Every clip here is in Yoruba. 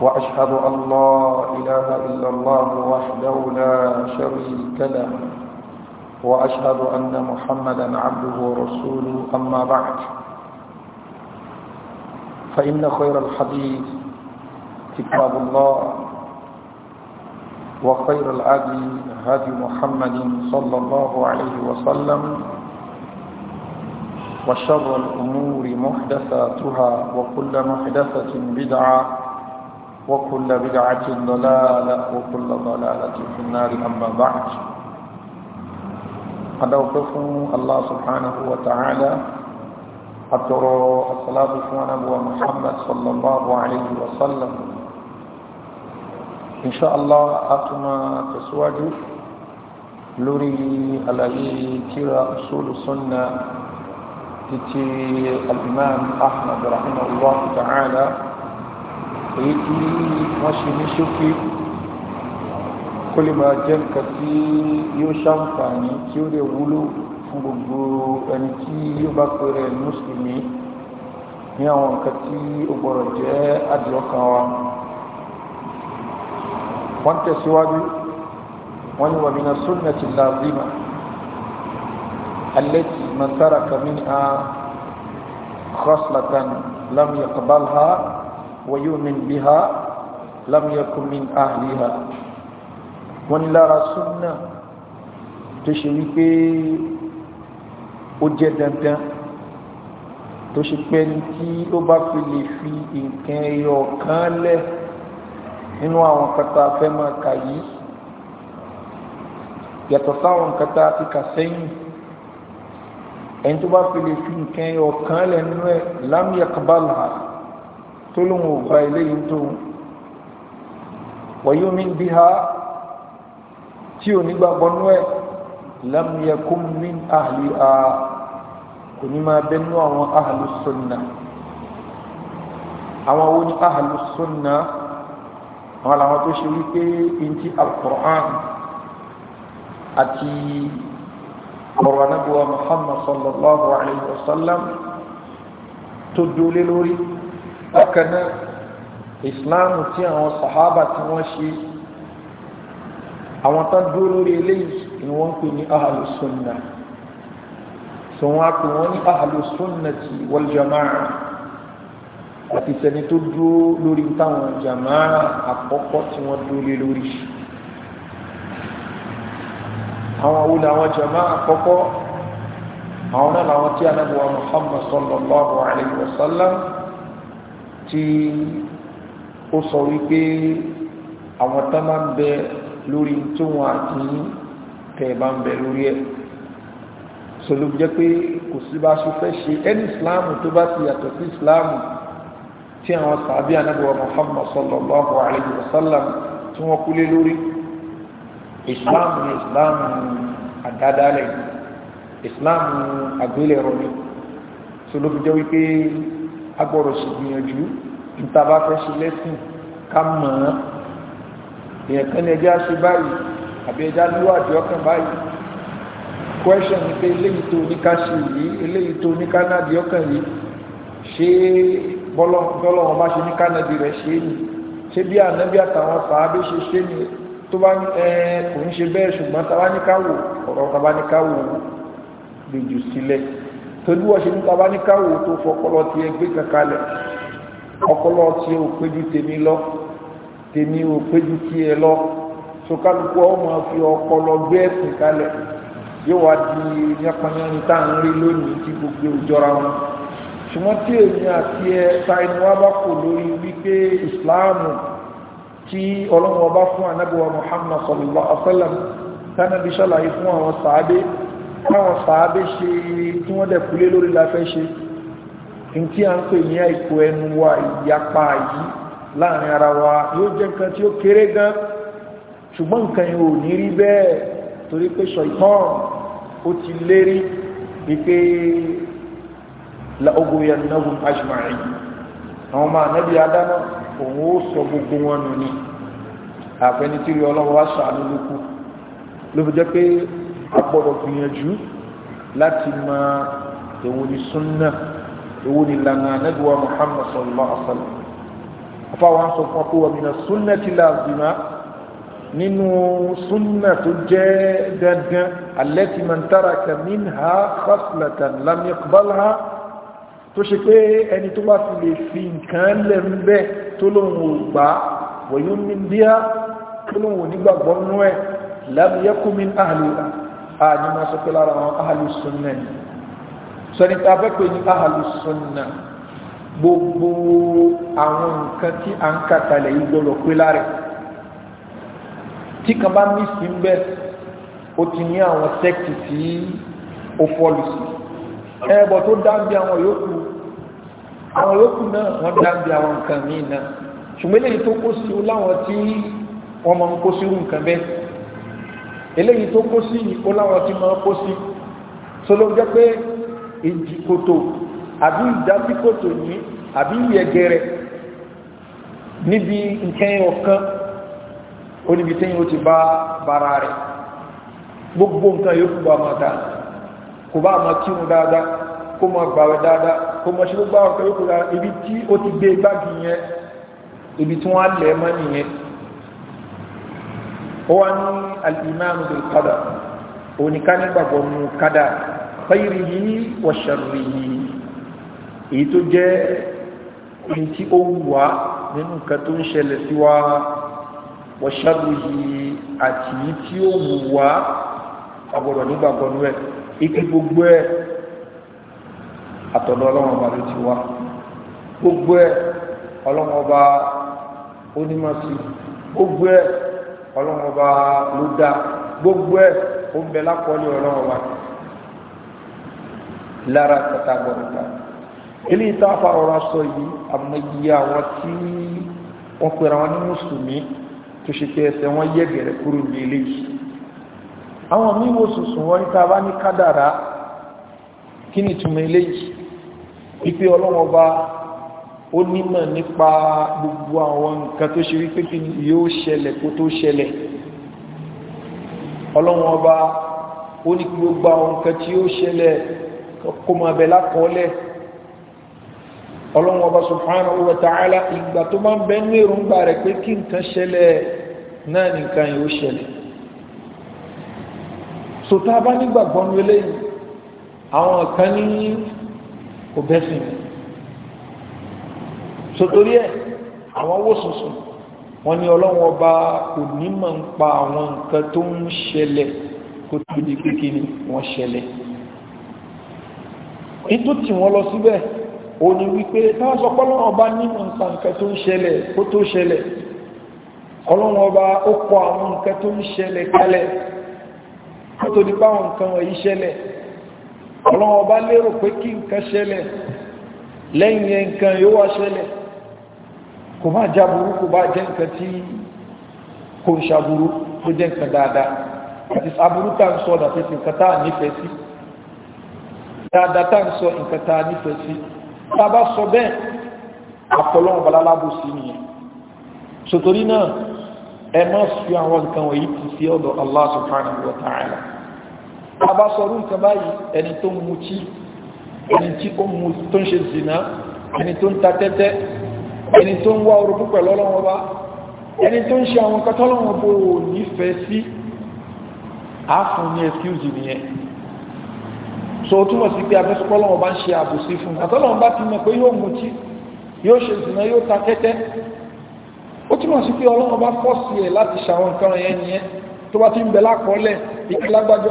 وأشهد أن لا إله إلا الله وحده لا شريك له وأشهد أن محمدا عبده ورسوله أما بعد فإن خير الحديث كتاب الله وخير العدل هدي محمد صلى الله عليه وسلم وشر الأمور محدثاتها وكل محدثة بدعة وكل بدعة ضلالة وكل ضلالة في النار أما بعد قد أوقفوا الله سبحانه وتعالى أترى الصلاة على محمد صلى الله عليه وسلم إن شاء الله أتما تسواجه لوري على كرا أصول السنة التي الإمام أحمد رحمه الله تعالى èyí tí wọ́n ṣe ní ṣókí kó lè máa jẹ́ nǹkan tí yóò ṣàǹfààní tí ó lè wúlò fún gbogbo ẹni tí yóò bá pẹ̀rẹ̀ mùsùlùmí ní àwọn nǹkan tí ó gbọ́dọ̀ jẹ́ àdìọ́kan wa wọ́n tẹ̀síwájú wọ́n ni wàmínà sunnati lazima التي من ترك منها خصلة لم يقبلها ويؤمن بها لم يكن من أهلها wọ́n ní lára súnnà tó ṣe wípé ó jẹ́ dandan tó ṣe pé ní tí ó bá fi lè fi nǹkan ẹyọ kan lẹ̀ nínú àwọn kata fẹ́ máa kà yìí yàtọ̀ sáwọn kata ti kà sẹ́yìn ẹni tó bá fi lè fi nǹkan ẹyọ kan lẹ̀ nínú ẹ̀ lámìyàkàbálà tó lóun ò gba eléyìí tó wayumin biha tí ò nígbàgbọ́ nú ẹ̀ lam yakun min ahliha kò ní máa bẹnú àwọn ahlu sunna àwọn wo ni ahlu sunna àwọn làwọn tó ṣe wípé ntí al àti ọ̀rọ̀ anábíwá Muhammad sallallahu alayhi wa sallam tó dúró lórí bákan islam tí àwọn sahaba tí wọ́n ṣe àwọn tán dúró lórí eléyìí ni wọ́n pè ní ahlu sunna so wọ́n á pè wọ́n ní ahlu sunnati wal jamaa àti sẹni tó dúró lórí táwọn jamaa àkọ́kọ́ tí wọ́n dúró lórí àwọn wo làwọn jamaa àkọ́kọ́ àwọn náà làwọn tí anabuwa muhammad sallallahu alayhi wa sallam tí ó sọ wípé àwọn tán máa ń bẹ lórí tó wọn àti tẹ̀ bá ń bẹ lórí ẹ̀ sọlọ́ jẹ́ pé kò sí bá ṣe fẹ́ ṣe ẹni ìsìláàmù tó bá ti yàtọ̀ sí ìsìláàmù tí àwọn sàbí anábíwá Muhammad sallallahu alayhi wa sallam tí wọ́n kúlé lórí ìsìláàmù ni ìsìláàmù àdádálẹ̀ ìsìláàmù àgbélẹ̀rọ ni sọlọ́ jẹ́ wípé agbọ́dọ̀ sì gbìyànjú ìtaba fẹ́ sí lẹ́sìn ká mọ̀ ọ́n èèyàn kan ní ẹjá ṣe báyìí àbí ẹjá lúwàdí ọkàn báyìí question ni pé eléyìí tó oníká ṣe yìí eléyìí tó oníká náàdì ọkàn yìí ṣé bọ́lọ́wọ́n bá ṣe ní kánàdì rẹ̀ ṣe é ni ṣé bí ànábí àtàwọn sàábé ṣe ṣe ni tó bá ẹ kò ń ṣe bẹ́ẹ̀ ṣùgbọ́n tábáníkáwò ọ̀rọ̀ tábáníkáwò lè sílẹ̀ torí wọ́n ṣe ní tàbá ní káwò tó fọpọlọ ti ẹgbẹ́ kankalẹ̀ ọpọlọ tí ó péjú tèmi lọ tèmi ò péjú tí ẹ lọ sọkálùkù ọmọ fi ọpọlọ gbé ẹ̀sìn kalẹ̀ yóò wá di yánpanyánni tá à ń rí lónìí tí gbogbo òjọra wọn ṣùgbọ́n tí èmi àti ẹ ta inú wa bá kò lórí wípé ìsìláàmù tí ọlọ́run ọba fún anábíwá Muhammad sallallahu alaihi wasallam tánàbí ṣàlàyé fún àwọn sàádé báwọn sàábé ṣe tí wọ́n dẹ̀ kúlé lórí la fẹ́ ṣe ní tí a ń pè ní àìkò ẹnu wa ìyapa yìí láàrin ara wa yóò jẹ́ nǹkan tí ó kéré gan ṣùgbọ́n nǹkan yìí ò ní rí bẹ́ẹ̀ torí pé ṣọ̀ìtàn ó ti lérí wípé la'ughwiyannahum ajma'in àwọn ọmọ ànábì adáná òun ó sọ gbogbo wọn nù ní àfẹnitìrí ọlọ́wọ́ wá ṣàánú lókù ló fi jẹ́ pé a gbọ́dọ̀ gbìyànjú láti mọ èwo ni súnà èwo ni lànà nẹ́gbẹ̀wá muhammad sallallahu alaihi wa sallam afáwọn sọ fún akó wa mina súnà ti láàzìmá nínú súnà tó jẹ́ dandan allati man taraka minha khaslatan lam yaqbalha tó ṣe pé ẹni tó bá fi lè fi nǹkan lẹ̀ ń bẹ́ tó lóun ò gbà wọ̀nyí ń bí i tó lóun ò nígbàgbọ́ nú ẹ̀ lam yakun min ahliha àní máa sọ pé lára àwọn ahàlùsùnà ni sọni tá a fẹ́ pè ní ahàlùsùnà gbogbo àwọn nǹkan tí à ń kàkàlẹ̀ yìí gbọ́dọ̀ pé lára tí kan bá mí sí ń bẹ́ ó ti ní àwọn sẹ́kì tí ó fọ́lù sí ẹ̀bọ̀ tó dáńbí àwọn yòókù àwọn yòókù náà wọ́n dáńbí àwọn nǹkan míì náà ṣùgbọ́n eléyìí tó kó sí láwọn tí wọ́n máa ń kó sírú nǹkan bẹ́ẹ̀ eléyìí tó kó sí ipò láwọn tí máa kó sí tó ló jẹ́ pé ìjìkòtò àbí ìdásíkòtò ní àbí ìyẹ̀gẹ̀rẹ̀ níbi nǹkan ọ̀kan oníbi tẹ́yìn ó ti bá bara rẹ̀ gbogbo nǹkan yóò fún bá máa dá kò bá máa kírun dáadáa kó máa gbàwẹ̀ dáadáa kó máa ṣe gbogbo àwọn ọ̀kan yóò kó ibi tí ó ti gbé gbági yẹn ibi tí wọ́n á lẹ̀ mọ́ nìyẹn ó wá ní al-imanu bil qadar òun ni ká nígbàgbọ́ nù kádà khayrihi wa sharrihi èyí tó jẹ́ èyí tí ó wù wá nínú nǹkan tó ń wa wa sharrihi àti èyí tí ó wù wá agbọ́dọ̀ nígbàgbọ́ ike gbogbo ẹ̀ àtọ̀dọ̀ ọlọ́run ọba ló ti wá gbogbo ẹ̀ ọlọ́run ọba onímọ̀ sí gbogbo ẹ̀ ọlọ́run ọba ló dá gbogbo ẹ̀ ó ń bẹ lápọ̀lẹ́ ọlọ́run wa lára tata gbọ̀dọ̀ta eléyìí tá a fa ọ̀rọ̀ sọ yìí àmọye àwọn tí wọ́n pera wọn ní mùsùlùmí tó ṣe pé ẹsẹ̀ wọn yẹ gẹ̀rẹ́ kúrò ní eléyìí àwọn míì wò sùsùn wọn níta bá ní kádàrá kí ni ìtumọ̀ eléyìí wípé ọlọ́run ó nímọ̀ nípa gbogbo àwọn nǹkan tó ṣe wípé kí yóò ṣẹlẹ̀ kó tó ṣẹlẹ̀ ọlọ́wọ́n ọba ó ní kí gbogbo àwọn nǹkan tí yóò ṣẹlẹ̀ kó máa bẹ̀ lákọọ́lẹ̀ ọlọ́wọ́n ọba subhanahu wa ta'ala ìgbà tó máa bẹ ní èròǹgbà rẹ̀ pé kí nǹkan ṣẹlẹ̀ náà nìkan yóò ṣẹlẹ̀ sòtá bá nígbàgbọ́n wẹlé àwọn kan ní kò bẹ́sìn sotori ẹ àwọn wò sùnsùn wọn ni ọlọ́run ọba kò ní mọ̀ ń pa àwọn nǹkan tó ń ṣẹlẹ̀ kó tó di kékeré wọn ṣẹlẹ̀ ètò tí wọ́n lọ síbẹ̀ ò ní wípé táwọn sọ pé ọlọ́run ọba ní mọ̀ ń pa nǹkan tó ń ṣẹlẹ̀ kó tó ṣẹlẹ̀ ọlọ́run ọba ó kọ àwọn nǹkan tó ń ṣẹlẹ̀ kalẹ̀ kó tó di báwọn nǹkan wọ̀nyí ṣẹlẹ̀ ọlọ́run ọba lérò pé kí nǹkan ṣẹlẹ̀ lẹ́yìn nǹkan yóò wá ṣẹlẹ̀ kò má já burú kò bá jẹ́ nǹkan tí kò ń ṣàbúrú kò jẹ́ nǹkan dáadáa àti aburú tá à ń sọ ọ̀nà pé nǹkan tá à nífẹ̀ẹ́ sí dáadáa tá à ń sọ nǹkan tá à nífẹ̀ẹ́ sí tá a bá sọ bẹ́ẹ̀ àpọ̀lọ́wọ̀n balalábò sí nìyẹn sotori náà ẹ má fi àwọn nǹkan wọ̀nyí ti sí ọ̀dọ̀ Allah subhanahu wa ta'ala tá a bá sọ ọdún nǹkan báyìí ẹni tó ń mutí ẹni tí ó ń ṣe zina ẹni tó ń ta tẹ́tẹ́ ẹni tó ń wá orogún pẹ̀lú ọlọ́wọ́ bá ẹni tó ń ṣe àwọn nǹkan tọ́lọ́wọ́ bó nífẹ̀ẹ́ sí àfún ní ẹ̀skúùsì nìyẹn so ó túmọ̀ sí pé abẹ́sọ́pọ́lọ́wọ́ bá ń ṣe àbòsí fún un àtọ́lọ́wọ́ bá ti mọ̀ pé yóò mutí yóò ṣe ìsìnà yóò ta tẹ́tẹ́ ó túmọ̀ sí pé ọlọ́wọ́ bá fọ́ sí ẹ̀ láti ṣàwọn nǹkan yẹn nìyẹn tó bá ti ń bẹ lákọọ́lẹ̀ ìpín lágbájá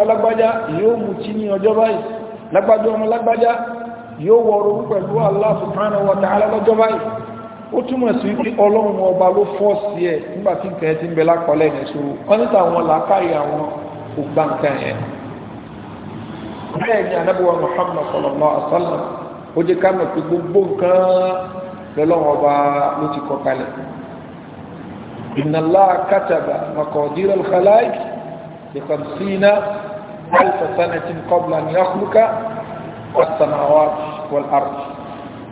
ọmọ lágbájá lágbájá ọmọ lágbájá yóò wọ̀rọ̀ pẹ̀lú Allah subhanahu wa ta'ala lọ́jọ́ báyìí ó túmọ̀ sí pé ọlọ́run ọba ló fọ́ sí ẹ̀ nígbà tí nǹkan ẹ ti ń bẹ lápọ̀lẹ́ yẹn so wọ́n níta àwọn làákàyè àwọn ògbà nǹkan yẹn bẹ́ẹ̀ ni anábíwá Muhammad sallallahu alaihi wasallam ó alfa sanatin qabla an yakhluqa as-samawati wal ard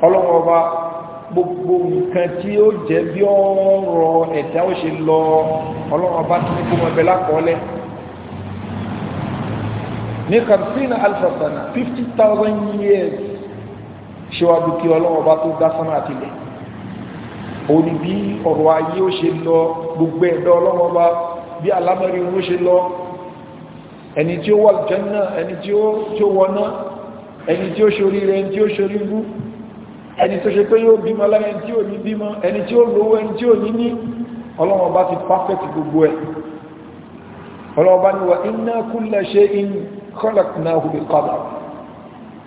ọlọ́wọ́ ọba gbogbo nǹkan tí ó jẹ́ bí ọ̀rọ̀ ẹ̀dá ó ṣe lọ ọlọ́wọ́ ọba tó ní kó mọ ẹbẹ̀ lákọọ́lẹ̀ ní kàmsínà alfa sana fifty thousand years ṣíwájú ọlọ́wọ́ ọba tó dá àtìlẹ̀ òní bí ọ̀rọ̀ ayé ó ṣe lọ gbogbo ẹ̀dọ́ ọlọ́wọ́ ọba bí alámọ̀rin ó ṣe lọ ẹni tí ó wà jẹ́nà ẹni tí ó wọná ẹni tí ó ṣorí rẹ̀ ẹni tí ó ṣorí bú ẹni tó ṣe pé yóò bímọ láyẹn tí ò ní bímọ ẹni tí ó lówó ẹni tí ò ní ní ọlọ́wọ́n bá ti perfect gbogbo ẹ̀ ọlọ́wọ́n bá ní wa inna kulla shay'in khalaqnahu bi qadar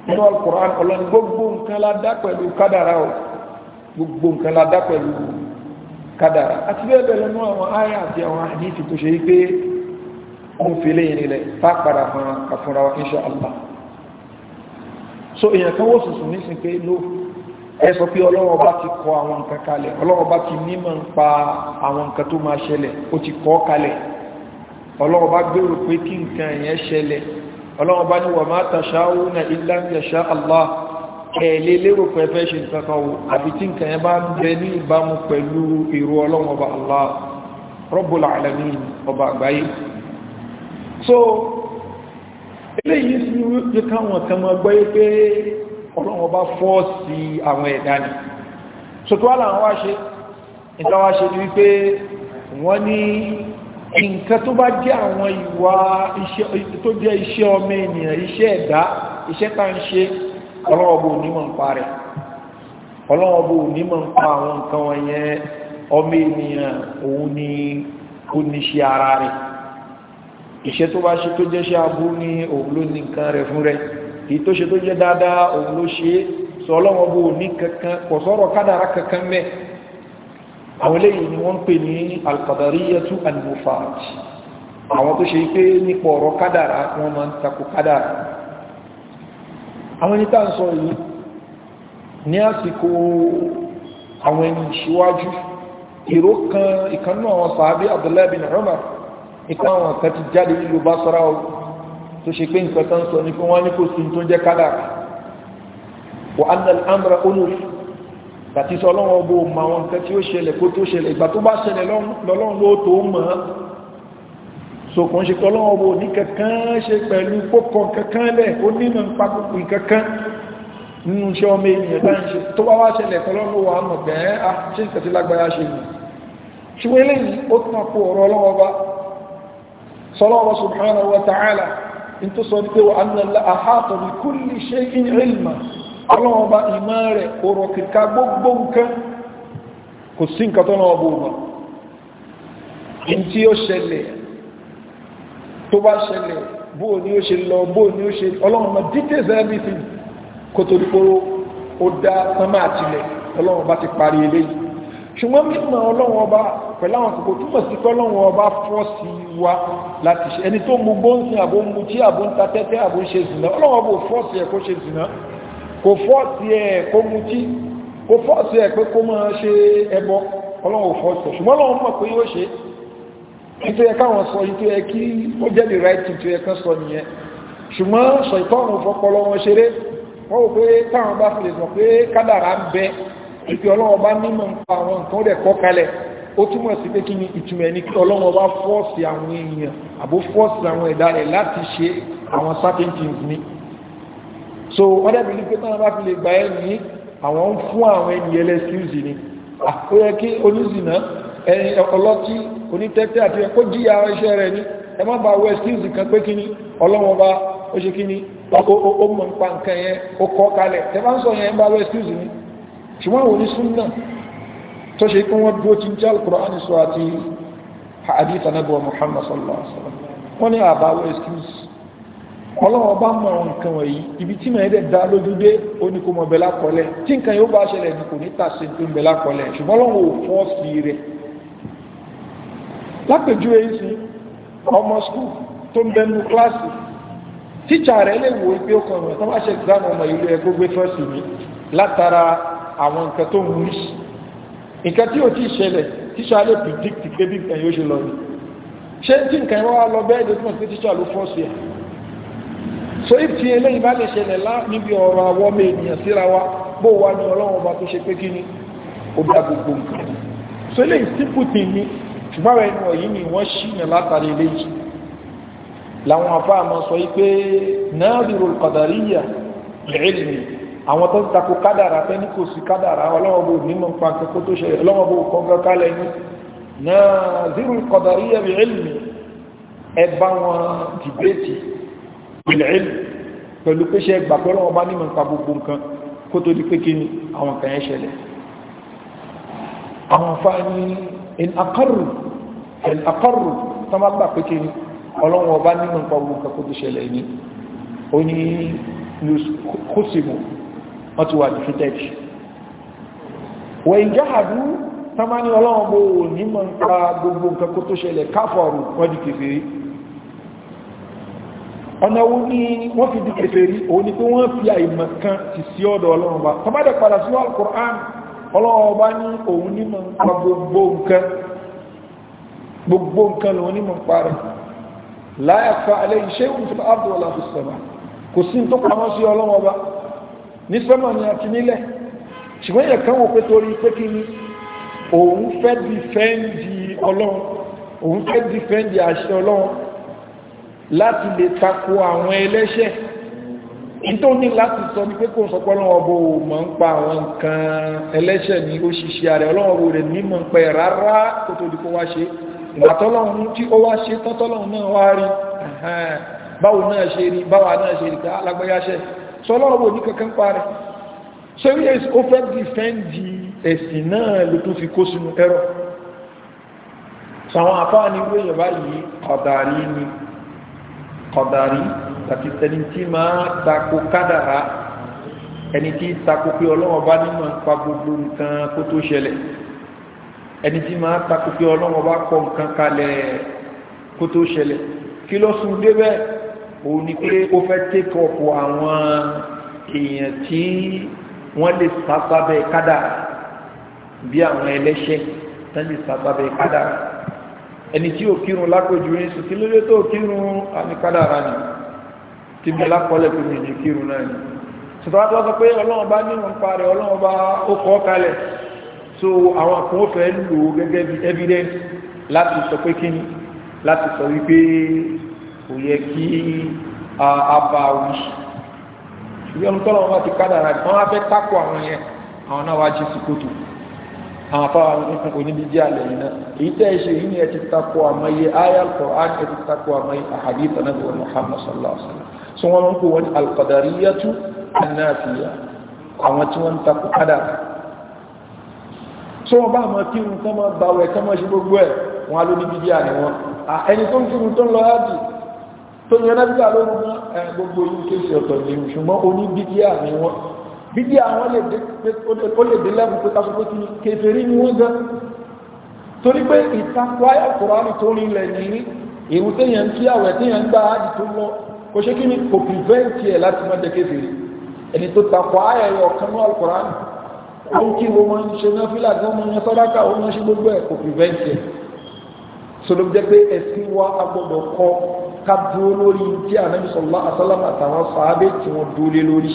nínú al-Qur'an ọlọ́ni gbogbo nǹkan la dá pẹ̀lú kádàrá o ṣe yí pé kó fi léyìn nílẹ̀ tá a padà fún àfúnra wa insha allah so èèyàn kan wọ́n sùsùn nísìn pé ló ẹ sọ pé ọlọ́wọ́ bá ti kọ àwọn nǹkan kalẹ̀ ọlọ́wọ́ bá ti nímọ̀ ń pa àwọn nǹkan tó máa ṣẹlẹ̀ ó ti kọ́ kalẹ̀ ọlọ́wọ́ bá gbèrò pé kí nǹkan yẹn ṣẹlẹ̀ ọlọ́wọ́ bá ní wà so eléyìí sí wípé káwọn kan mọ́ gbọ́ pé ọlọ́run bá fọ́ọ̀sì àwọn ẹ̀dá ni so tó wà láwọn wá ṣe nǹkan wá ṣe ni wípé wọ́n ní nǹkan tó bá jẹ́ àwọn ìwà tó jẹ́ iṣẹ́ ọmọ ènìyàn iṣẹ́ ẹ̀dá iṣẹ́ tá ń ṣe ọlọ́run bò ní mọ̀ ń pa rẹ̀ ìṣe tó bá ṣe tó jẹ́ ṣe abú ní òun ló ní nǹkan rẹ̀ fún rẹ̀ èyí tó ṣe tó jẹ́ dáadáa òun ló ṣe é sọ ọlọ́wọ́n bó ní kankan kò sọ̀rọ̀ kádàrá kankan mẹ́ àwọn eléyìí ni wọ́n ń pè ní alqadariyatu al àwọn tó ṣe pé nípa ọ̀rọ̀ kádàrá wọ́n máa ń takò kádàrá àwọn ẹni ń sọ yìí ní àsìkò àwọn ẹni ìṣíwájú ìró kan ìkànnà àwọn sàábí Abdullahi bin Umar ikú àwọn kan ti jáde nílùú Basra o tó ṣe pé nǹkan tán sọ ní pé wọ́n ní kò sí tó jẹ́ kádàrá wà á nàlẹ́ amúra onúf tàti sọ ọlọ́run ọgbọ́ ọmọ àwọn nǹkan tí ó ṣẹlẹ̀ kó tó ṣẹlẹ̀ ìgbà tó bá ṣẹlẹ̀ lọ́lọ́run ló tó ń mọ̀ ṣe ìtẹ̀sílágbára ah, ṣe àpò ọ̀rọ̀ ọlọ́wọ́ bá sọlọ́wọ́ subhanahu wa ta'ala in tó sọ pé wà annàlá àhátọ̀ bí kulli shay'in ilma ọlọ́ọba ìmá rẹ̀ ọ̀rọ̀ kìkà gbogbo nǹkan kò sí nǹkan tó náà bóòmà in tí ó ṣẹlẹ̀ tó bá ṣẹlẹ̀ bóò ní ó ṣe lọ bóò ní ó ṣe ọlọ́ọba details everything kò tó dípò ó dá sánmà àtìlẹ̀ ọlọ́ọba ti parí eléyìí ṣùgbọ́n mímọ̀ ọlọ́ọba pẹ̀lú àwọn kòkò túmọ̀ sí tọ́lọ́wọ́n ọba fọ́ sí wa láti ṣe ẹni tó mú gbóǹsìn àbó mú tí àbó ń ta tẹ́tẹ́ àbó ń ṣe zìnà ọlọ́wọ́n bò fọ́ sí ẹ̀ kó ṣe zìnà kò fọ́ sí ẹ̀ kó mú tí kò fọ́ sí ẹ̀ pé kó máa ṣe ẹbọ ọlọ́wọ́n fọ́ sí ṣùgbọ́n ọlọ́wọ́n mọ̀ pé yóò ṣe nítorí ẹ káwọn sọ yìí tó yẹ kí ó jẹ́ the right thing tó yẹ kán sọ nìyẹn ṣùgbọ́n sọ ìtọ́run fọpọlọ wọn ṣeré wọ́n wò pé táwọn bá fi lè sọ pé kádàrá ń bẹ ìpè ọlọ́wọ́n bá nímọ̀ nípa àwọn nǹkan ó dẹ̀ kọ́ kalẹ̀ ó túmọ̀ sí pé kí ni ìtumọ̀ ẹni kí ọlọ́wọ́ bá fọ́ọ̀sì àwọn èèyàn àbó fọ́ọ̀sì àwọn ẹ̀dá rẹ̀ láti ṣe àwọn certain things ni so wọ́n dẹ̀bi ní pé táwọn bá fi lè gba ẹ̀ ní àwọn ń fún àwọn ẹni ẹlẹ́sìlì ni ó yẹ kí oníṣìnà ẹni ọlọ́tí onítẹ́tẹ́ àti ẹ̀kọ́ jíyà iṣẹ́ rẹ̀ ni ẹ má ba wọ ẹ̀sìlì kan pé kí ni ọlọ́wọ́ bá ó ṣe kí ni ó mọ̀ nípa nǹkan yẹn ó kọ́ kalẹ̀ tẹ́ bá ń sọ yẹn bá wọ ẹ̀sìlì ni ṣùgbọ́n àwọn oníṣúná tó ṣe kí wọ́n dúró tí ń jẹ́ alkùránì sọ àti hadith anabuwa muhammad sallallahu alaihi wasallam wọ́n ní àbáwọ̀ excuse ọlọ́wọ́ bá mọ̀ nǹkan wọ̀nyí ibi tí mẹ́rin dẹ̀ dá lójú dé ó ní kó mọ̀ bẹ̀lá kọlẹ̀ tí nǹkan yóò bá ṣẹlẹ̀ ní kò ní tàṣe tó ń bẹ̀lá kọlẹ̀ ṣùgbọ́n lọ́wọ́ ò fọ́ sí rẹ̀ lè wo pé ó kàn tó bá ṣe exam ìlú ẹ̀ gbogbo fẹ́sì látara àwọn nǹkan tó ń rí sí nǹkan tí ò tí ṣẹlẹ̀ tíṣà lè predict pé bí nǹkan yóò ṣe lọ ṣe tí nǹkan yóò wá lọ bẹ́ẹ̀ ló túnmọ̀ sí tíṣà ló fọ́ sí ẹ̀ so if ti eléyìí bá lè ṣẹlẹ̀ lá níbi ọ̀rọ̀ àwọ̀ mi ènìyàn síra wa bó wa ni ọlọ́run ọba tó ṣe pé kí ni ó bá gbogbo nǹkan so eléyìí simple thing ni ṣùgbọ́n àwọn ẹni wọ̀nyí ni wọ́n ṣì yàn látàrí eléyìí làwọn afáàmọ́ sọ yìí pé náà dúró kọ̀dàríyà lẹ́ẹ̀lì àwọn tó ń takò kádàrà fẹ́ ní kò sí kádàrà ọlọ́wọ́bò nímọ̀ ń pa kẹ́kọ́ tó ṣe ọlọ́wọ́bò kọ́ńgá kálẹ̀ ní náà zírù kọ̀dàrí ẹ̀rì ẹ̀lì ẹ̀bá wọn dìbẹ́tì ìlẹ̀ẹ̀lì pẹ̀lú pé ṣe gbà pẹ́lú ọba nímọ̀ ń pa gbogbo nǹkan kó tó di pé kí ni àwọn kan yẹn ṣẹlẹ̀ àwọn afáàní ìnàkọ́rù ìnàkọ́rù tó wọ́n ti wà defeated wọ̀nyí jáhàdú tamani ọlọ́run bó ní mọ̀ nípa gbogbo nǹkan kó tó ṣẹlẹ̀ káfọ̀rù wọ́n di kèfèrí ọ̀nà wo ni wọ́n fi di kèfèrí òun ni pé wọ́n fi àìmọ̀ kan ti sí ọ̀dọ̀ ọlọ́run bá tọ́mádé padà sí Al-Qur'an ọlọ́run bá ní òun ní mọ̀ nípa kò sí tó pamọ́ sí ọlọ́run ọba ní sọ́mọ̀ ni àti nílẹ̀ ṣùgbọ́n yẹ̀ kán wò pé torí pé kí ni òun fẹ́ dìfẹ́ǹdì ọlọ́run òun fẹ́ dìfẹ́ǹdì àṣẹ ọlọ́run láti lè tako àwọn ẹlẹ́ṣẹ̀ nítorí ní láti sọ ní pé kò sọ pé ọlọ́run ọbọ̀ ò mọ̀ ń pa àwọn nǹkan ẹlẹ́ṣẹ̀ ní òṣìṣẹ́ rẹ̀ ọlọ́run ọbọ̀ rẹ̀ ní mọ̀ ń pẹ́ rárá kó tó di kó wá ṣe ìgbàtọ́lọ́run tí ó wá ṣe tọ́tọ́lọ́run náà wá rí báwo náà ṣe rí báwa náà ṣe rí pé alágbẹ́yáṣẹ́ sọlọ́rọ̀ wò ní kankan parẹ́ sórí ó fẹ́ dìfẹ́ǹdì ẹ̀sìn náà ló tún fi kó sínú ẹ̀rọ sàwọn afáà ní wọ́n yẹ̀ báyìí kọ̀dàrí ni kọ̀dàrí àti ẹni tí máa tako kádàrá ẹni tí tako pé ọlọ́wọ́ bá nínú pa gbogbo nǹkan kó tó ṣẹlẹ̀ ẹni tí máa tako pé ọlọ́wọ́ bá kọ nǹkan kalẹ̀ kó tó ṣẹlẹ̀ kí ló sùn débẹ̀ òun ni pé ó fẹ́ take up àwọn èèyàn tí wọ́n lè sábàbẹ̀ kádà bí àwọn ẹlẹ́ṣẹ̀ tán lè sábàbẹ̀ kádà ẹni tí ò kírun lápòjú ní sùn kí lóde tó kírun àmì kádà rà ní tí bí lápọ̀lẹ̀ pé mi kírun náà ni sọ̀tọ́wá tó sọ pé ọlọ́run bá nínú ń parẹ́ ọlọ́run bá ó kọ́ kalẹ̀ so àwọn kan ó fẹ́ lò gẹ́gẹ́ bí evidence láti sọ pé kíni láti sọ wípé kò yẹ kí a bá wí ṣùgbọ́n ẹnu tọ́lọ́ wọn bá ti kádàrá wọn á fẹ́ kákó àwọn yẹn àwọn náà wá jí sí kótó àwọn afáwọn nǹkan oníbi jẹ́ yìí náà èyí tẹ́ ẹ ṣe yìí ni ẹ ti takò àmọye ayé al-Qur'an ẹ ti takò àmọye ahadith anabi wa Muhammad sallallahu alaihi wa sallam sọ wọn ń pè wọn ní al-qadariyatu an-nafiya àwọn tí wọn ń takò kádàrá tí wọ́n bá mọ̀ kí n kọ́ mọ́ bàwẹ̀ kọ́ mọ́ ṣe gbogbo ẹ̀ wọn alóníbi tó yẹn náà bíbá lórí mọ́ gbogbo yìí kéèsì ọ̀tọ̀ ní ṣùgbọ́n oní bídíà ni wọ́n bídíà wọn lè dé lẹ́bùn pé káṣọ pé kí ni kèfèrí ni wọ́n gan torí pé ìtakùn ayé àkùránì tó rí ilẹ̀ ní ìwú téèyàn kí àwẹ̀ téèyàn gbá àdì tó lọ kò ṣe kí ni kò pìvẹ́ǹtì ẹ̀ láti má jẹ́ kèfèrí ẹni tó takùn ayé ọ̀kan ní àkùránì ó ń kí ká dúró lórí tí ànábì sallallahu alaihi wasallam àtàwọn sàábé tí wọ́n dúró lórí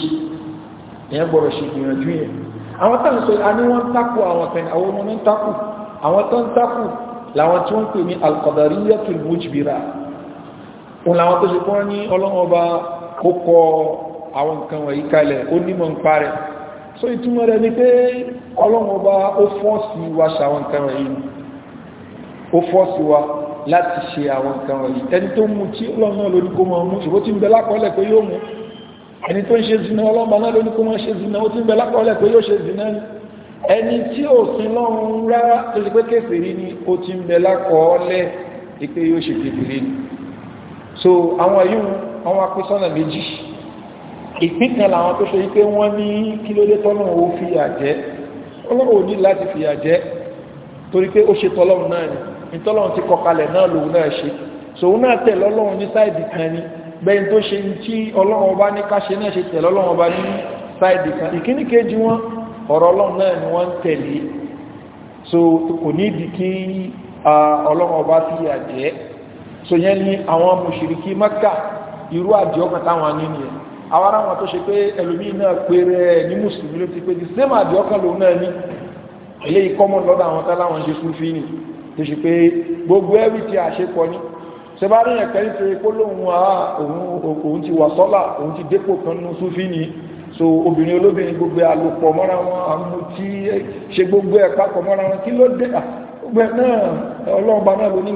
ìyẹn gbọ́dọ̀ ṣe ìgbìyànjú yẹn àwọn táwọn sọ àní wọ́n takò àwọn kan àwọn ọmọ náà takò àwọn tó ń takò làwọn tí wọ́n pè ní al-qadariyatul wa ṣàwọn nǹkan wọ̀nyí wa láti ṣe àwọn nǹkan wọ̀nyí ẹni tó mú tí ọlọ́run náà lórí kó máa mú ìwó tí ń bẹ lákọọ́lẹ̀ pé yóò mú ẹni tó ń ṣe zina ọlọ́run náà lórí kó máa ṣe zina ó ti ń bẹ lákọọ́lẹ̀ pé yóò ṣe zina ni ẹni tí ò sin lọ́run rárá tó ti pé kèfèrí ni ó ti ń bẹ lákọọ́lẹ̀ pé yóò ṣe kèfèrí ni so àwọn yìí àwọn akúsọ́nà méjì ìpín kan làwọn tó ṣe yí pé wọ́n ní kí ló dé torí pé ó ṣe tọ́lọ́run náà ni ìtọ́lọ́run ti kọkalẹ̀ náà lòun náà ṣe sòun náà tẹ̀lé ọlọ́run ní sáìdì kan ni bẹ́yìn tó ṣe tí ọlọ́run ọba ní káṣe náà ṣe tẹ̀lé ọlọ́run ọba ní sáìdì kan ìkíní kejì wọn ọ̀rọ̀ ọlọ́run náà ni wọ́n tẹ̀lé so kò ní ìdí kí ọlọ́run ọba fi àjẹ́ so yẹn ni àwọn mùṣìríkí Mákà irú àjẹ́ ọkàn táwọn ní nìyẹn àwọn wọn tó ṣe pé ẹlòmíì náà péré ní mùsùlùmí ló ti pé the same àjẹ́ ọkàn lòun náà ní eléyìí kọ́mọ̀ lọ́dọ̀ àwọn táláwọn ṣe súnfí nìyí tó ṣe pé gbogbo ẹ̀rí ti àṣepọ̀ ní sẹbárí yẹn kẹrin ṣe kó lóhun àá ah, òun ti wà sọ́là òun ti dépò kan nínú súfí ni so obìnrin olóbìnrin gbogbo àlòpọ̀ mọ́ra wọn àmú tí ṣe gbogbo ẹ̀ papọ̀ mọ́ra wọn kí ló dé ah, gbogbo ẹ̀ àwọn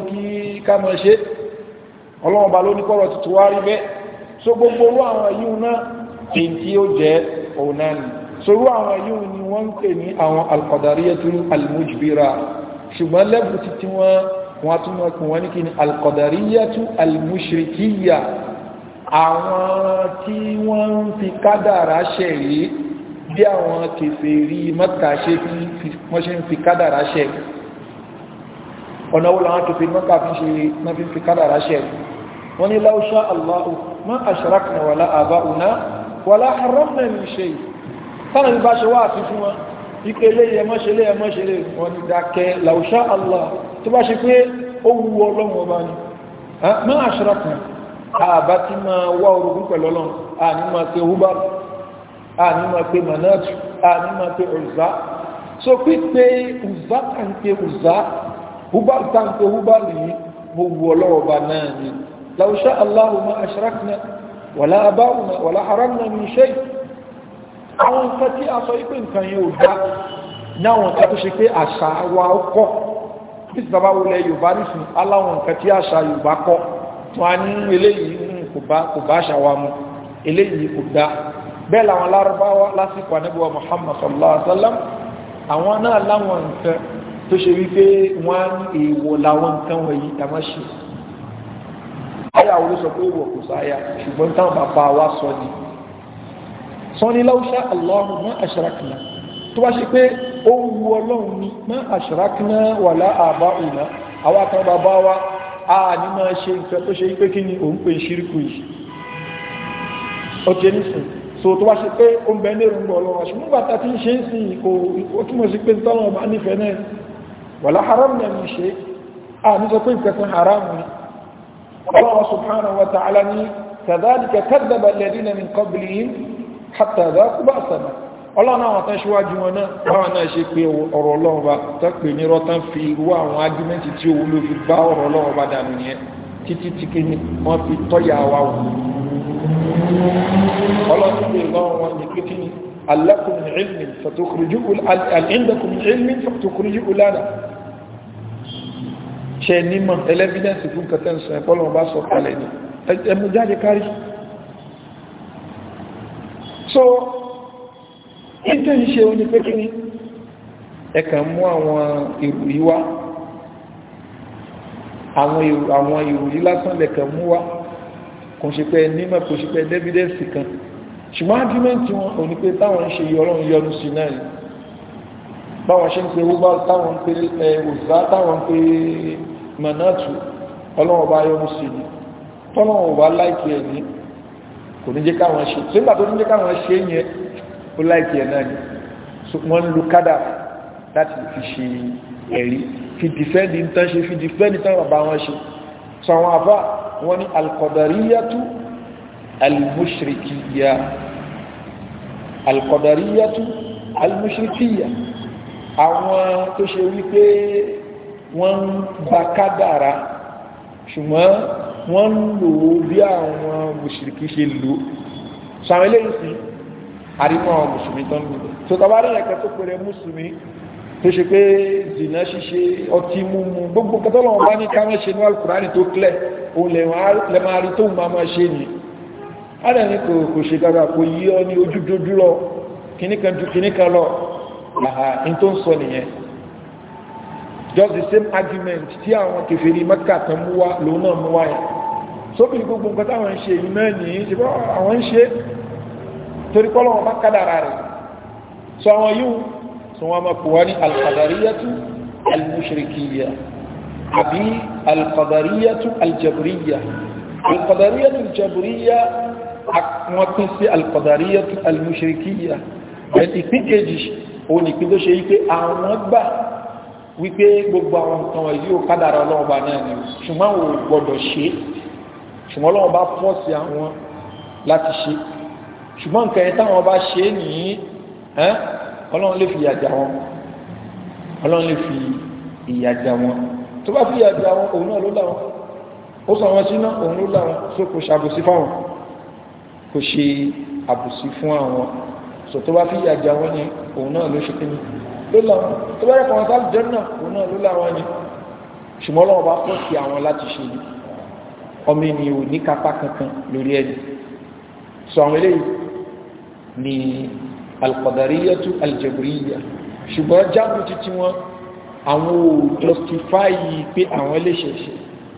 yìí ni wọ́n ń pè ní àwọn al-qadariyatul al ṣùgbọ́n lẹ́bù ti tí wọ́n wọ́n tún mọ́ pín wọ́n ní kí ni alkọ̀dàríyàtú almushrikiya àwọn tí wọ́n ń fi kádàrá ṣe rí bí àwọn kèfèrí mọ́ta ṣe wọ́n ṣe ń fi kádàrá ṣe ọ̀nà wo làwọn kèfèrí mọ́ta fi ṣe fi ike eléyìí ẹmọ́ṣẹlẹ̀ ẹmọ́ṣẹlẹ̀ wọn ni dákẹ́ làwùṣá Allah tó bá ṣe pé ó wu ọlọ́run ọba ni má aṣọra kan àbá tí máa wá orogún pẹ̀lú ọlọ́run àní máa pe hubar àní máa pe manat àní máa pe ọ̀zá so pípe ọ̀zá kan pe ọ̀zá hubar kan àwọn nǹkan tí a sọ wípé nǹkan yẹn ò dá ní àwọn nǹkan tó ṣe pé àṣà wa ó kọ́ bí ti bàbá wọlé yorùbá nìsín aláwọn nǹkan tí àṣà yorùbá kọ́ wọn ní eléyìí kò bá àṣà wa mu eléyìí kò dá bẹ́ẹ̀ làwọn lárúbáwá lásìkò àníbíwá muhammad sallallahu sallam àwọn náà láwọn nǹkan tó ṣe wípé wọ́n á ní èèwọ̀ làwọn nǹkan wọ̀nyí tàmá ṣe. ayáwó ló sọ pé èèwọ̀ kò sáyà ṣùgbọ́n táwọn bàbá wa sọ ni sọ́ni láwùṣá Allahu ma ashrakna tó bá ṣe pé ó wu ọlọ́run ni ma ashrakna wala aba'una àwọn àtàwọn bàbá wa a ní máa ṣe nǹkan tó ṣe pé kí ni òun pè ṣíríkù yìí ó ti ẹni sìn so tó bá ṣe pé ó ń bẹ ní èròǹgbà ọlọ́run ṣùgbọ́n bàtà tí ń ṣe ń sìn kò ó túmọ̀ sí pé tọ́lọ̀ bá nífẹ̀ẹ́ náà wala haram náà ní ṣe a ní sọ pé ìkẹsàn haram ni Allah subhanahu wa ta'ala ni kadhalika kadhaba alladhina min qablihim hàtàdá kú bá sàmà ọlọ́run àwọn tán ṣíwájú wọn náà báwọn náà ṣe pé ọ̀rọ̀ ọlọ́run bá tán pè ní rọ́tán fi irú àwọn ágímẹ́ntì tí owó ló fi bá ọ̀rọ̀ ọlọ́run bá dànù yẹn títí tí kí ni wọ́n fi tọ́yà wa wò ọlọ́run ní pé kí fún kẹtẹ́ǹsì ẹ̀pọ́lọ́run bá ni ẹ̀mú jáde kárí so nítorí ń ṣe oní pé kí ni ẹ kàn mú àwọn ìròyìn wá àwọn ìròyìn lásán lẹ kàn mú wá kò ṣe pé nímọ̀ kò ṣe pé dẹ́bídẹ́sì kan ṣùgbọ́n ágímẹ́ǹtì wọn ò ní pé táwọn ń ṣe ọlọ́run yọnu sí náà ni báwọn ṣe ń pe wúbá táwọn ń pe òṣìṣà táwọn ń pe mọ̀nàtù ọlọ́run ọba yọnu sí ni tọ́lọ́run ọba láìpẹ́ ẹ̀ ní kò ní jẹ́ káwọn ṣe tó nígbà ní jẹ́ káwọn ṣe yẹn ó láìkí ẹ̀ náà ni wọ́n ń lu kádà láti fi ṣe ẹ̀rí fi dìfẹ́ndì ń tán ṣe fi dìfẹ́ndì tán bàbá wọn ṣe sọ àwọn àbá wọn ni alkọ̀dàríyàtú almushrikiya alkọ̀dàríyàtú almushrikiya àwọn tó ṣe wípé wọ́n ń ba kádàrá ṣùgbọ́n wọ́n ń lò ó bí àwọn mùsùlùmí ṣe lò ó sàwọn eléyìí sí àrímọ́ àwọn mùsùlùmí tó ń lò tó tàbá rí ẹ̀kẹ́ tó pèrè mùsùlùmí tó ṣe pé zina ṣíṣe ọtí mímu gbogbo kẹtọ́lọ́wọ́n bá ní káwọn ṣe ní alukurani tó kílẹ̀ òun lè máa rí tóun máa máa ṣe ni adani kò kò ṣe dára kò yí ọ ní ojú dúdú lọ kìnnìkan ju kìnnìkan lọ àhà ní tó ń sọ nìyẹn just the same argument tí àwọn kèfèrí mẹ́kà kan mú wá lòun náà mú wá yẹn sóbì gbogbo nǹkan táwọn ń ṣe yìí náà nìyí ṣe bọ́ àwọn ń ṣe torí pé Ọlọ́run bá kádàrà rẹ̀ sọ àwọn yìí sọ wọn máa pò wá ní alqadariyatu almushrikiyya àbí alqadariyatu aljabriyya alqadariyatu aljabriyya wọn pín sí alqadariyatu almushrikiyya ẹ̀sìn ìpín kejì òun ìpín tó ṣe yí pé àwọn gbà wípé gbogbo àwọn nǹkan wọ̀nyí ò kádàrà ọlọ́run bá náà ni ṣùgbọ́n ò gbọ́dọ̀ ṣe ṣùgbọ́n ọlọ́run bá fọ́ọ̀sì àwọn láti ṣe ṣùgbọ́n nǹkan yẹn táwọn bá ṣe nìyí ọlọ́run lè fi ìyà jà wọn ọlọ́run lè fi ìyà jà wọn tó bá fi ìyà jà wọn òun náà ló là wọn ó sọ wọn síná òun ló là wọn tó kò ṣàbòsí fáwọn kò ṣe àbòsí fún àwọn sọ tó bá fi ìyà jà wọn ni òun náà ló ṣe kíni ló làwọn tó bá rẹ̀ kọ́ wọn sáré jẹ́ náà òun náà ló làwọn ni ṣùgbọ́n ọlọ́wọ́ bá pọ̀ sí àwọn láti ṣe ni ọmọ ènìyàn ò ní kápá kankan lórí ẹni sọ àwọn eléyìí ni alqadariyatu aljabriya ṣùgbọ́n jábù títí wọn àwọn ò justify pé àwọn lè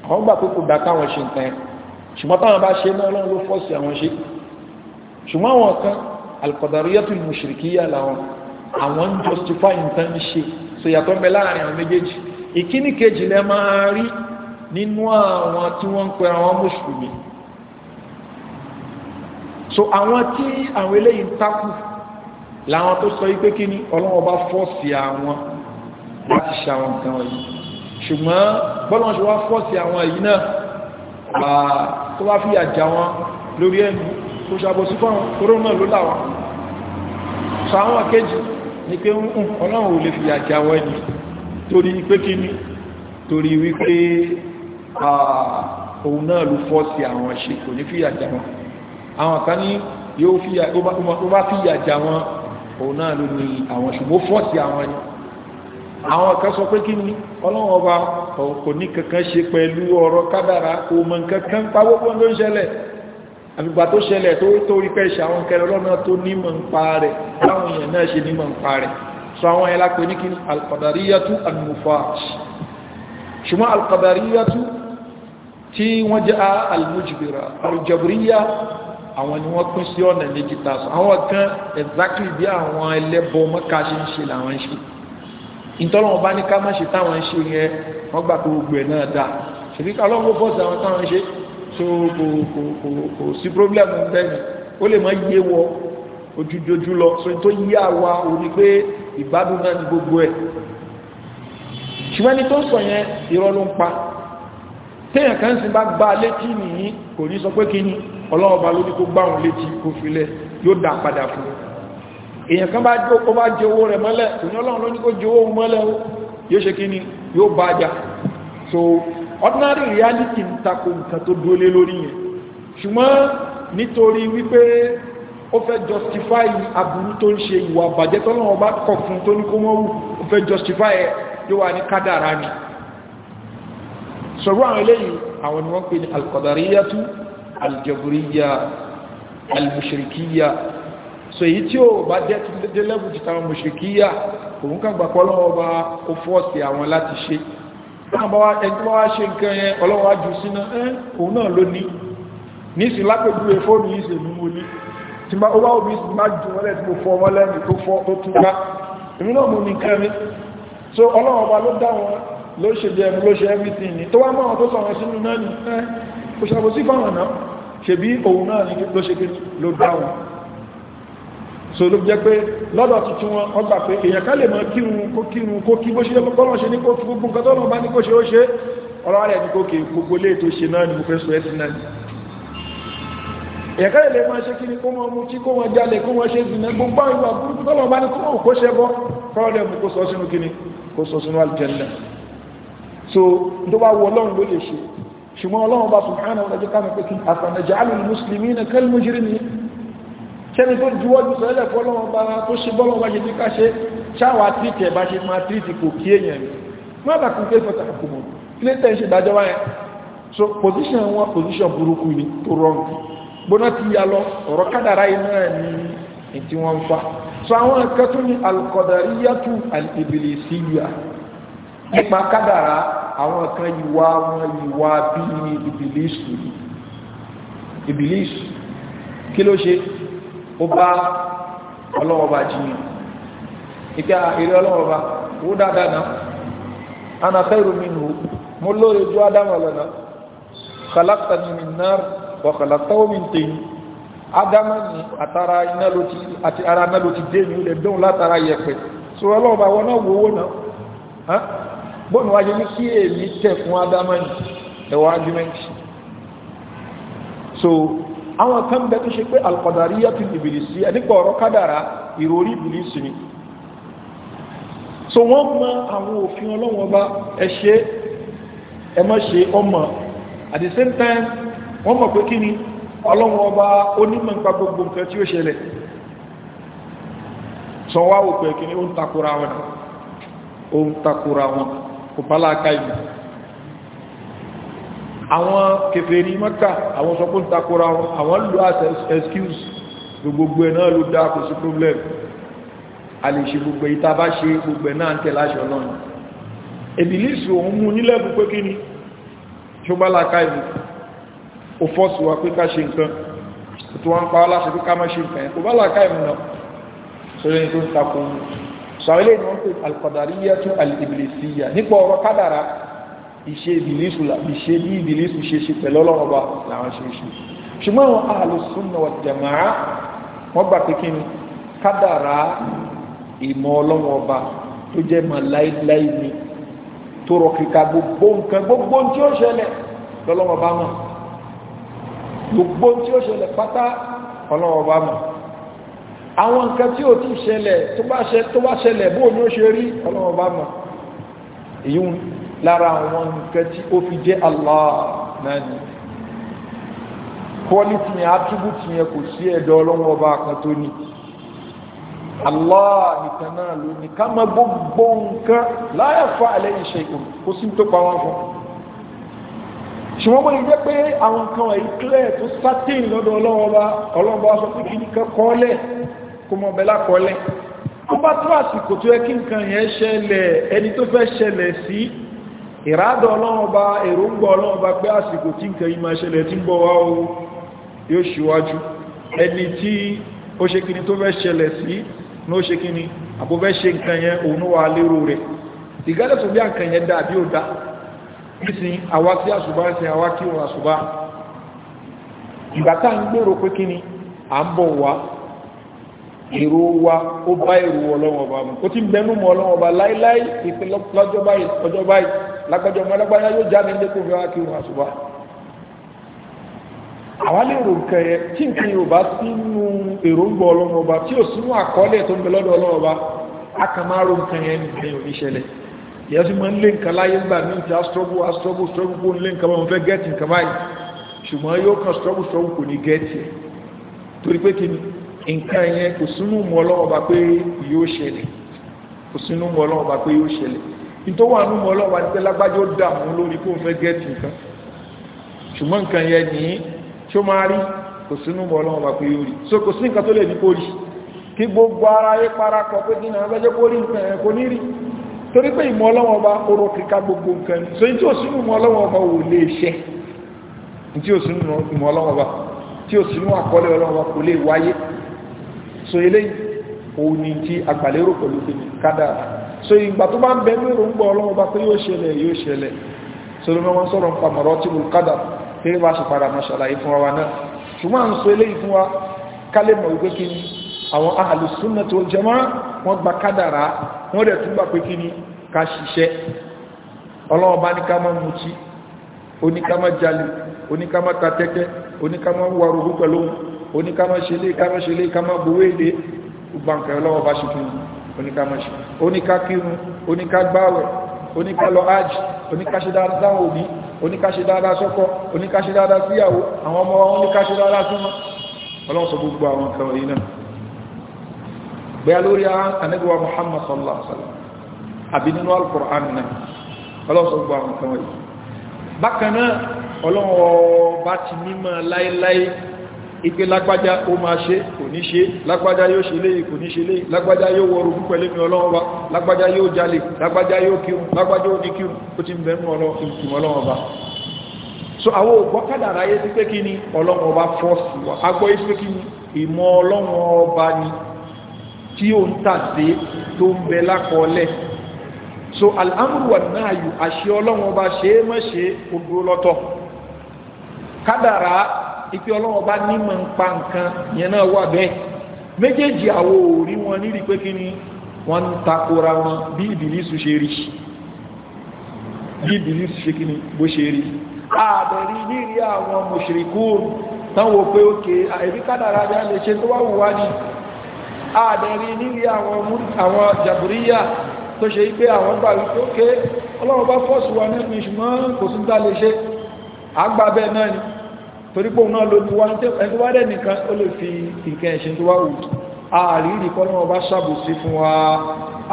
àwọn gbà pé kò dá káwọn ṣe nǹkan ẹ̀ ṣùgbọ́n táwọn bá ṣe náà lọ́wọ́ ló fọ́ sí àwọn ṣe ṣùgbọ́n àwọn kan alqadariyatu almushrikiya làwọn àwọn ń justify nǹkan ṣe so yàtọ̀ ń bẹ láàrin àwọn méjèèjì ìkíní kejì lẹ máa rí nínú àwọn tí wọ́n ń pe àwọn mùsùlùmí so àwọn tí àwọn eléyìí ń takù làwọn tó sọ wípé kíní ọlọ́wọ́n bá fọ́ọ̀sì àwọn láti ṣe àwọn nǹkan wọ̀nyí ṣùgbọ́n bọ́lọ́n ṣe wá fọ́ọ̀sì àwọn èyí náà tó wá fi àjà wọn lórí ẹnu kò ṣàbòsí fún àwọn kòrónà ló láwọn sọ àwọn kejì ní pé ọlọ́run ò lè fi àjà wọ́n ni torí pé kí ni torí wípé òun náà ló fọ́ sí àwọn ṣe kò ní fi àjà wọn àwọn kan ní yóò fi ó fi àjà wọn òun náà ló ní àwọn ṣùgbọ́n fọ́ sí àwọn ni àwọn kan sọ pé kí ni ọlọ́run ọba kò ní kankan ṣe pẹ̀lú ọ̀rọ̀ kádàrá kò mọ̀ nǹkan kan pawọ́pọ̀ ń ṣẹlẹ̀ àfìgbà tó ṣẹlẹ̀ tó torí pẹ́ ṣe àwọn kẹrẹ lọ́nà tó nímọ̀ ń pa rẹ̀ láwọn èèyàn náà ṣe nímọ̀ ń pa rẹ̀ sọ àwọn ẹlá pé ní kí ní alkọ̀dáríyàtú al-mufaj ṣùgbọ́n alkọ̀dáríyàtú tí wọ́n jẹ́ al-mujbira al-jabriya àwọn ni wọ́n pín sí ọ̀nà méjì tàṣọ àwọn kan exactly bí àwọn ẹlẹ́bọ mọ́ká ṣe ń ṣe so kò kò kò kò sí problem bẹ́ẹ̀ ni ó lè má yé wọ ojújojú lọ so tó yí àwa ò ní pé ìgbádùn náà ni gbogbo ẹ̀ ṣùgbọ́n ẹni tó sọ yẹn irọ́ ló ń pa téèyàn kan sì bá gbá létí nìyí kò ní sọ pé kí ni ọlọ́run ọba ló ní kó gbá òun létí kó filẹ̀ yóò dá padà fún un èèyàn kan bá jó kó bá jẹ owó mọ́lẹ̀ kò ní ọlọ́run ló ní kó jẹ mọ́lẹ̀ o yóò ṣe kí ni yóò bá jà so ordinary reality ń takò nǹkan tó dúólé lórí yẹn ṣùgbọ́n nítorí wípé ó fẹ́ justify aburú tó ń ṣe ìwà bàjẹ́ tọ́lọ́wọ́ bá kọ̀ fún tó ní kó mọ́ wù ó fẹ́ justify ẹ̀ yóò wà ní kádàrá ni sọ̀rọ̀ àwọn eléyìí àwọn ni wọ́n pè ní alkọ̀dàríyàtú aljaburíyà almushrikiya so èyí tí ó bá jẹ́ tí délẹ́bù ti tàwọn mushrikiya òun kàgbàpọ̀ táwọn ṣe nǹkan yẹn ọlọ́wọ́ ajú síná ẹ́ òun náà ló ní níìsì lápẹ̀jú rẹ̀ fóònù yìí ṣe mo ní tí ó wá òbí sì má jù wọ́lẹ̀ tí mo fọ́ ọmọ lẹ́nu tó fọ́ tó tún bá èmi náà mú ní nǹkan so ọlọ́wọ́ ọba ló dá ló ṣe jẹ ló ṣe everything ni tó wá mọ́ àwọn tó sọ̀rọ̀ sínú náà ni ẹ́ kò ṣàbòsí so ló jẹ́ pé lọ́dọ̀ tuntun wọn wọ́n gbà pé èèyàn ká lè mọ kírun kó kírun kó kí bó ṣe lọ́pọ̀ bọ́lọ̀ ṣe ní kó fi gbogbo nǹkan tó lọ́wọ́ bá ní kó ṣe ó ṣe ọ̀rọ̀ rẹ̀ ní kó kè gbogbo lè tó ṣe náà ní gbogbo ẹ̀sùn ẹ̀sìn náà èèyàn ká lè máa ṣe kí ni kó wọn mú tí kó wọn jalè kó sẹ́ni tó juwọ́jú sọ́lẹ̀ fọ́lọ́wọ́n bá tó ṣe bọ́lọ́wọ́n bá ṣe ní ká ṣe ṣáwà tírìtì ẹ̀ bá ṣe máa tírìtì kò kí èèyàn rẹ̀ wọ́n bá kún kéfẹ́ tàkùmọ̀ ilé tẹ́ ṣe ìdájọ́ wáyé so position wọn position burúkú ni tó wrong gbóná ti ya lọ ọ̀rọ̀ kádàrá iná ni tí wọ́n ń fa so àwọn nǹkan tó ní alkọ̀dàríyàtú alìbìlìsíyà nípa kádàrá àwọn kan ìwà wọn ìwà bíi ìbìlìsù kí ló ṣe ó bá ọlọ́wọ́ba jiyàn ìgbà èrè ọlọ́wọ́ba ó dáadáa náà ana khairu minhu mo lóore ju ádámù lọ náà khalaqtani min nar wa khalaqtahu min tin ádámù ni àtàrà iná ló ti àti ara iná ló ti dé mi lè dóhùn látara yẹ̀pẹ̀ sọ ọlọ́wọ́ba wọn náà wọ́wọ́ náà bọ́ọ̀nù wájú ní kí èmi tẹ̀ fún ádámù ni ẹ̀wọ̀ argument so àwọn kan bẹ tó ṣe pé alkọ̀dàríyà ti ìbìlìsí ẹnipa ọ̀rọ̀ kádàrá ìròrí ìbìlìsí ni so wọ́n mọ àwọn òfin ọlọ́wọ́n bá ẹṣẹ́ ẹmọ́ṣe ọmọ at the same time wọ́n mọ̀ pé kí ni ọlọ́wọ́n bá onímọ̀ nípa gbogbo nǹkan tí ó ṣẹlẹ̀ sọ wá òpè kí ni ó ń takora wọn ó ń takora wọn kò bá láàká ìlú àwọn kèfèrí Mẹ́kà àwọn sọpọ̀ takora wọn àwọn lò as excuse gbogbo ẹ̀ náà ló dá kò sí problem a lè ṣe gbogbo ìta bá ṣe gbogbo ẹ̀ náà ń tẹ̀lé àṣẹ náà ìbílísì òun mú nílẹ̀bù pé kí ni ṣọ́bálàká ìlú ó fọ́sù wa pé ká ṣe nǹkan tó wá pa aláṣẹ pé ká má ṣe nǹkan tó ni wọ́n pè ìṣe ìbìlísù ìṣe bí ìbìlísù ṣe ṣe pẹ̀lú ọlọ́rọ̀ba làwọn ṣe ṣe ṣùgbọ́n àwọn àlùsùnà wà jàmáà wọ́n gbà pé kí ni kádàrá ìmọ̀ ọlọ́run ọba tó jẹ́ mọ̀ láíláí ni tó rọ kíka gbogbo nǹkan gbogbo tí ó ṣẹlẹ̀ lọ́lọ́run ọba mọ̀ gbogbo tí ó ṣẹlẹ̀ pátá ọlọ́run ọba mọ̀ àwọn nǹkan tí ó ti ṣẹlẹ̀ tó bá ṣẹlẹ̀ bóò ni ó ṣe rí ọlọ́run ọba mọ̀ èyí lára àwọn nǹkan tí ó fi jẹ́ Allah náà ni quality yẹn attribute yẹn kò sí ẹ̀dọ́ ọlọ́wọ́ ọba kan tó ní Allah nìkan náà ló ní ká máa gbogbo nǹkan la yakhfa alayhi shay'un kó sí tó pa wọn fún ṣùgbọ́n bó lè jẹ́ pé àwọn nǹkan ẹ̀yí clear tó certain lọ́dọ̀ ọlọ́wọ́ ọba ọlọ́wọ́ ọba sọ pé kí ní kan kọ́ọ́lẹ̀ kó mọ̀ bẹ́lá kọ́ọ́lẹ̀ ó bá tó àsìkò tó yẹ kí nǹkan yẹn ṣẹlẹ̀ ẹni tó fẹ́ ṣẹlẹ̀ sí ìrádọ̀ ọlọ́run bá èròǹgbà ọlọ́run bá pé àsìkò tí nǹkan yìí máa ṣẹlẹ̀ tí ń bọ̀ wá o yóò ṣíwájú ẹni tí ó ṣe kíni tó fẹ́ ṣẹlẹ̀ sí ní ó ṣe kíni àbò fẹ́ ṣe nǹkan yẹn òun wà lérò rẹ̀ ìgádẹ̀ tó bí nǹkan yẹn dà bí ó dá nísìn àwa sí àṣùbá sí àwa kí òun wa ó bá èrò ọlọ́wọ́ bá mu ó ti ń mọ́ ọlọ́wọ́ bá láíláí ìpínlọ́jọ́ báyìí lágbájá ọmọ lágbájá yóò jáde ní kó fi wá kí wọn àṣùbá àwa lè rò nǹkan yẹn tí nǹkan yóò bá sínú èròǹgbà ọlọ́run ọba tí ò sínú àkọọ́lẹ̀ tó ń bẹ lọ́dọ̀ ọlọ́run ọba a kàn máa rò nǹkan yẹn nìkan yóò ní ṣẹlẹ̀ ìyẹn sì máa ń lé nǹkan ní ṣẹlẹ̀ nítorí wọn àánú mọ ọlọ́wà ní tẹ́lágbájọ́ dààmú lórí kó fẹ́ gẹ́ẹ̀tì nǹkan ṣùgbọ́n nǹkan yẹn ní tí ó máa rí kò sínú mọ ọlọ́wà pé yóò rí so kò sí nǹkan tó lè ní kó rí kí gbogbo ara yé parakọ̀ pé kí náà lọ́jọ́ kó rí nǹkan ẹ̀ ní rí torí pé ìmọ̀ ọlọ́wọ́ bá oró kíká gbogbo nǹkan so ní tí ó sínú mọ ọlọ́wọ́ bá wò lè ṣẹ ní tí ó sínú mọ ọlọ́wọ́ bá tí ó sínú àkọọ́lẹ̀ ọlọ́wọ́ kò lè wáyé so eléyìí òun ni ti àgbàlérò pẹ̀lú kádàrá so ìgbà tó bá ń bẹ ní òrùngbọ ọlọ́wọ́ bá pé yóò ṣẹlẹ̀ yóò ṣẹlẹ̀ so ló máa ń sọ̀rọ̀ nípa mọ̀rọ̀ tí mo kádà kéré bá ṣe padà máa ṣàlàyé fún wa náà ṣùgbọ́n à ń sọ eléyìí fún wa kálé mọ̀ wípé kí ni àwọn gba kádàrá wọ́n dẹ̀ tún gbà pé kí ni ká ṣiṣẹ́ ọlọ́wọ́ bá ní ká má mutí oníká má jalè oníká má ta tẹ́tẹ́ oníká wà pẹ̀lú ṣe ká ṣe ká bowó gbàǹkà ọlọ́wọ́ bá ṣe fún oníkàmọ́ṣe oníkàkírun oníkàgbáwẹ̀ oníkàlọ ájì oníkàṣídára sáwọn òbí oníkàṣídára sọ́kọ oníkàṣídára síyàwó àwọn ọmọ wọn oníkàṣídára súnmọ́ ọlọ́sọ gbogbo àwọn kan náà gbẹ́yà lórí Muhammad sallallahu alaihi wasallam àbí nínú al-Qur'an náà ọlọ́sọ gbogbo àwọn kan yìí bákan náà ọlọ́wọ́ ipe lágbájá ó máa ṣe kò ní ṣe lágbájá yóò ṣe léyìí kò ní ṣe léyìí lágbájá yóò wọ orogún pẹ̀lú mi ọlọ́run ọba lágbájá yóò jalè lágbájá yóò kírun lágbájá ó ní kírun ó ti bẹ̀rù ọlọ́run ọba so àwọn ògbọ́kádà ráyé sí pé kí ni ọlọ́run ọba fọ́ọ̀sì wa agbọ́ yìí sí pé kí ni ìmọ̀ ọlọ́run ọba so alhamdu wa náàyù àṣẹ ọlọ́run ọba ṣe é mọ́ ṣe ó lọ́tọ̀ kádàrá ìpè ọlọ́wọ́ bá nímọ̀ ń pa nǹkan yẹn náà wà bẹ́ẹ̀ méjèèjì àwọ̀ òrí wọn nírí pé kí ni wọ́n ń takora wọn bí ìbìlísù ṣe rí bí ìbìlísù ṣe kí ni bó ṣe rí àbẹ̀rí nírí àwọn mùṣìríkù táwọn pé òkè àìrí kádàrá bí a lè ṣe tó wà wùwá ni àbẹ̀rí nírí àwọn jàbúríyà tó ṣe pé àwọn gbà wípé òkè ọlọ́run bá fọ́ọ̀sù wa nínú ìṣùmọ́ kò torí pé òun náà ló ti wá ẹni tó wá dẹ̀ nìkan ó lè fi nǹkan ẹ̀ṣẹ̀ tó wá wù ààrírí kọ́ lọ́wọ́ bá ṣàbòsí fún wa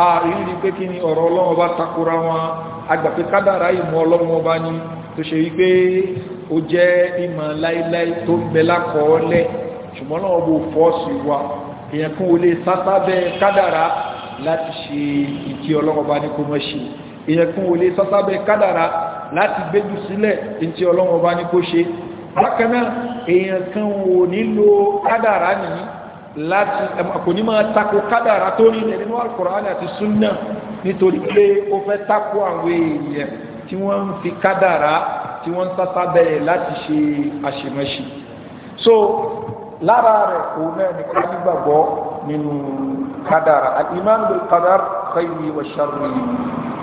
ààrírí pé kí ni ọ̀rọ̀ ọlọ́wọ́ bá takora wọn agbàpé kádàrá ìmọ̀ ọlọ́wọ́ bá ní tó ṣe wípé ó jẹ́ ìmọ̀ láíláí tó ń bẹ lákọọ́lẹ̀ ṣùgbọ́n náà bó fọ́ọ̀sì wa èèyàn kún olè sátábẹ́ kádàrá láti ṣe ìtí ọlọ́wọ́ bá bákan náà èèyàn kan ò nílò kádàrá nìyí láti kò ní máa tako kádàrá tó rí ilẹ̀ nínú Al-Qur'an àti súnà nítorí pé ó fẹ́ tako àwọn èèyàn tí wọ́n ń fi kádàrá tí wọ́n ń sáta bẹ̀rẹ̀ láti ṣe àṣemáṣe so lára rẹ̀ kò náà ní ká nígbàgbọ́ nínú kádàrá al-iman bil qadar khayri wa sharri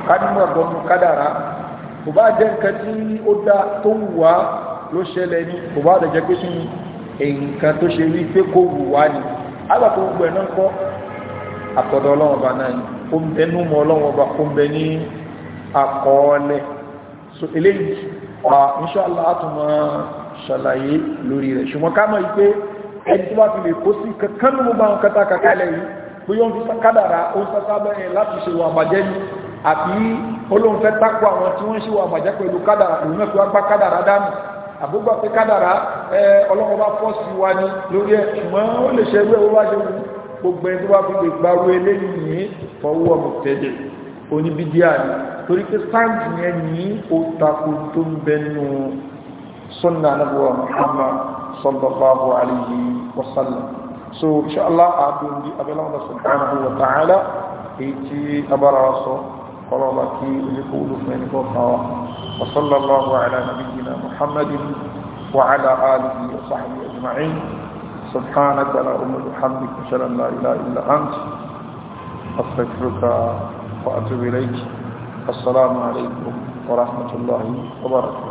ká nígbàgbọ́ nínú kádàrá kò bá jẹ́ nǹkan tí ó dá tó wù wá ló ṣẹlẹ̀ ní kò bá dẹ̀jẹ́ pé ní nǹkan tó ṣe rí pé kò wù wá ni alákòó gbogbo ẹ̀ náà kọ́ àtọ̀dọ̀ ọlọ́run ọba náà ni ó ń bẹ númọ̀ ọlọ́run ọba ó ń bẹ ní akọọ́lẹ̀ so eléyìí ọ̀rọ̀ inṣọ́lá àtúmọ̀ ṣàlàyé lórí rẹ̀ ṣùgbọ́n ká mọ̀ yí pé ẹni tó bá fi lè kó sí kankan mú bá wọn kátà kàkálẹ̀ yìí bóyá wọn fi kádàrà ó ń sáká bẹ́ẹ̀ láti ṣe wà bàjẹ́ ni àbí olóhùn fẹ́ tako àwọn tí wọ́n ṣe wà bàjẹ́ pẹ̀lú kádàrà òun náà wá gbá kádàrà dánù àbúgbà pé kádàrá ọlọ́run bá fọ́ sí wa ní lórí ẹ̀ ṣùgbọ́n ó lè ṣe wíwẹ́ wá ṣe wù gbogbo ẹni tó bá fi lè gbaru eléyìí ní fọwọ́ mọ̀tẹ́lẹ̀ oníbídíà ni torí pé sáǹtì yẹn ní ó takò tó ń bẹnu sọ́nà anábọ̀wá Muhammad sallallahu alayhi wa so inshallah àdùn bí abẹ́lẹ́ wọn subhanahu wa ta'ala èyí tí abára sọ قرابتي لكل من قطع وصلى الله على نبينا محمد وعلى آله وصحبه أجمعين سبحانك لا أمد حمدك ان لا إله إلا أنت أفكرك واتوب إليك السلام عليكم ورحمة الله وبركاته